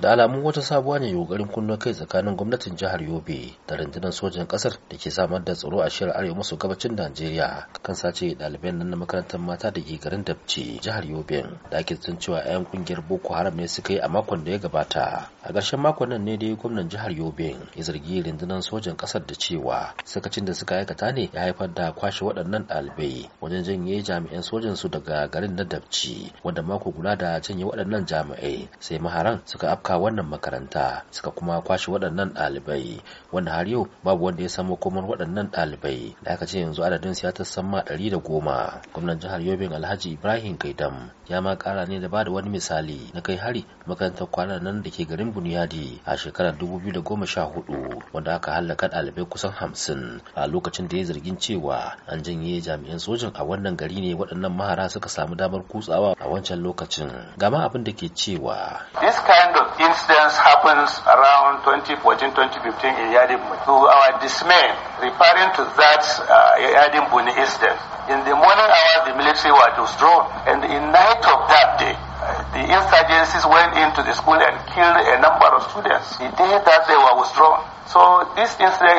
da alamun wata sabuwa ne yogarin kunno kai tsakanin gwamnatin jihar yobe da rundunar sojan kasar da ke samar da tsaro a shirar arewa maso gabacin najeriya kan sace ɗaliban nan na makarantar mata da ke garin dabci jihar yobe da ake tun cewa 'yan kungiyar boko haram ne suka yi a makon da ya gabata a ƙarshen makon nan ne dai gwamnan jihar yobe ya zargi rundunar sojan kasar da cewa sakacin da suka aikata ne ya haifar da kwashe waɗannan ɗalibai wajen janye jami'an sojan su daga garin na dabci wanda mako guda da janye waɗannan jami'ai sai maharan suka ɗauka wannan makaranta suka kuma kwashe waɗannan ɗalibai wanda har yau babu wanda ya samu komar waɗannan ɗalibai da aka ce yanzu adadin su ya ɗari da goma gwamnan jihar yobin alhaji ibrahim kaidam ya ma ƙara ne da bada wani misali na kai hari makarantar kwanan nan da ke garin bunyadi a shekarar dubu biyu da goma sha hudu wanda aka hallaka ɗalibai kusan hamsin a lokacin da ya zargin cewa an janye jami'an sojin a wannan gari ne waɗannan mahara suka samu damar kutsawa a wancan lokacin gama abin da ke cewa this kind of happens around 2014 2015 in Yadimbu. To our dismay, referring to that uh, Yadimbu incident, in the morning hours the military were withdrawn, and in night of that day, uh, the insurgencies went into the school and killed a number of students. The day that they were withdrawn, So this incident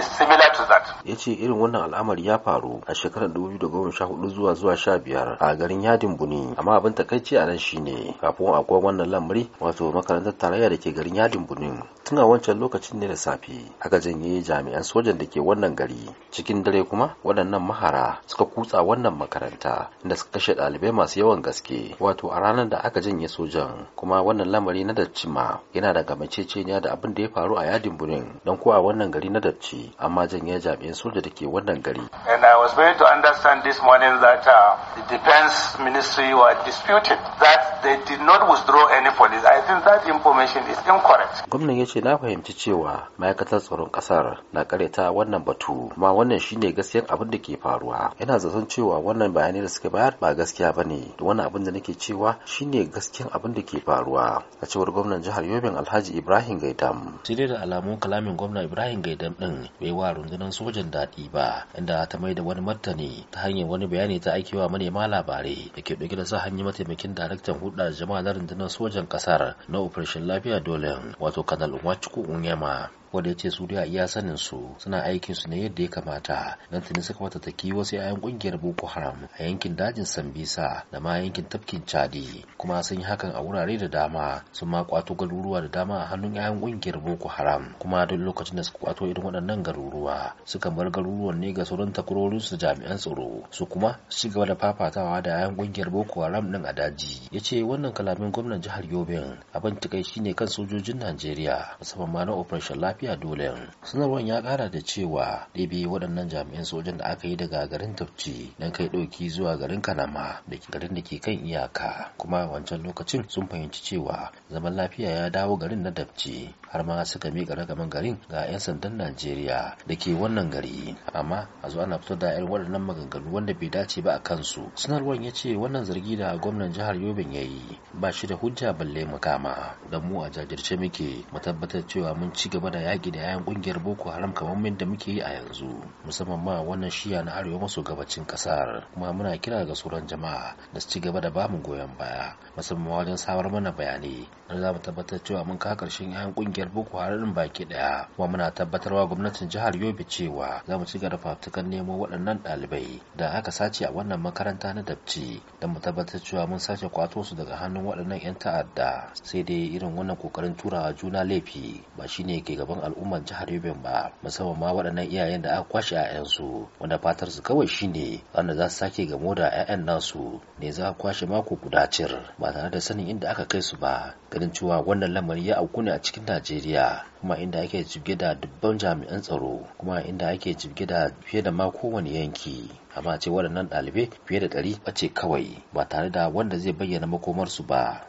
is similar to that. Ya ce irin wannan al'amari ya faru a shekarar 2014 zuwa zuwa 15 a garin Yadin Buni. Amma abin takaici a nan shine kafin akwai wannan lamari wato makarantar tarayya da ke garin Yadin Buni tun a wancan lokacin ne da safe aka janye jami'an sojan da ke wannan gari cikin dare kuma waɗannan mahara suka kutsa wannan makaranta inda suka kashe ɗalibai masu yawan gaske wato a ranar da aka janye sojan kuma wannan lamari na da cima yana da gamaceceniya da abin da ya faru a Yadin Buni din don kuwa wannan gari na dabci amma janye jami'in soja da ke wannan gari and i was made to understand this morning that uh, the defense ministry were disputed that they did not withdraw any police i think that information is incorrect gwamnan ya ce na fahimci cewa ma'aikatar tsaron kasar na karyata wannan batu kuma wannan shine gaskiyar abin da ke faruwa ina zaton cewa wannan bayanai da suka bayar ba gaskiya bane da wannan abin da nake cewa shine gaskiyar abin da ke faruwa a cewar gwamnan jihar Yobin Alhaji Ibrahim Gaidam sai da alamun kalamin gwamna Ibrahim Gaidam din bai wa rundunar sojan daɗi ba inda ta mai da wani martani ta hanyar wani bayani ta wa manema labarai da ke ɗauke da sa hanyar mataimakin daraktan hulɗar jama'a na rundunar sojan ƙasar na operation lafiya dole wato kanal Nwachukwu unyama wanda ya ce su da iya sanin su suna aikin su ne yadda ya kamata don tuni suka taki wasu 'ya'yan kungiyar boko haram a yankin dajin sambisa da ma yankin tafkin chadi kuma sun yi hakan a wurare da dama sun ma kwato garuruwa da dama a hannun 'ya'yan kungiyar boko haram kuma duk lokacin da suka kwato irin waɗannan garuruwa suka bar garuruwan ne ga sauran takurorin su jami'an tsaro su kuma su gaba da fafatawa da 'ya'yan kungiyar boko haram din a daji ya ce wannan kalamin gwamnan jihar yobin abin takaici ne kan sojojin najeriya musamman ma na operation lafiya tafiya dole sanarwar ya kara da cewa ɗebe waɗannan jami'an sojan da aka yi daga garin tafci don kai ɗauki zuwa garin kanama da garin da ke kan iyaka kuma wancan lokacin sun fahimci cewa zaman lafiya ya dawo garin na tafci har ma suka miƙa ragaman garin ga 'yan sandan najeriya da ke wannan gari amma a zo ana fitar da 'yan waɗannan maganganu wanda bai dace ba a kansu sanarwar ya ce wannan zargi da gwamnan jihar yobin ya yi ba shi da hujja balle makama da mu a jajirce muke mu tabbatar cewa mun ci gaba da yaƙi da yayan ƙungiyar boko haram kamar min da muke yi a yanzu musamman ma wannan shiya na arewa maso gabacin kasar kuma muna kira ga sauran jama'a da su ci gaba da bamu goyon baya musamman wajen samar mana bayanai na za mu tabbatar cewa mun kawo ƙarshen yayan ƙungiyar boko haram baki ɗaya kuma muna tabbatarwa gwamnatin jihar yobe cewa za mu ci gaba da fafutukan nemo waɗannan ɗalibai da aka sace a wannan makaranta na dabci don mu tabbatar cewa mun sace kwato su daga hannun waɗannan 'yan ta'adda sai dai irin wannan kokarin turawa juna laifi ba shine ke gaban al'ummar jihar Yobin ba musamman ma waɗannan iyayen da aka kwashe 'ya'yansu wanda fatar su kawai shine wanda za su sake gamo da 'ya'yan nasu ne za a kwashe mako guda cir ba tare da sanin inda aka kai su ba ganin cewa wannan lamari ya auku ne a cikin Najeriya kuma inda ake jibge da dubban jami'an tsaro kuma inda ake jibge da fiye da ma kowane yanki amma ce waɗannan ɗalibai fiye da ɗari ce kawai ba tare da wanda zai bayyana makomarsu ba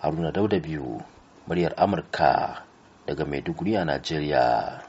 haruna dauda biyu muryar amurka daga maiduguri a najeriya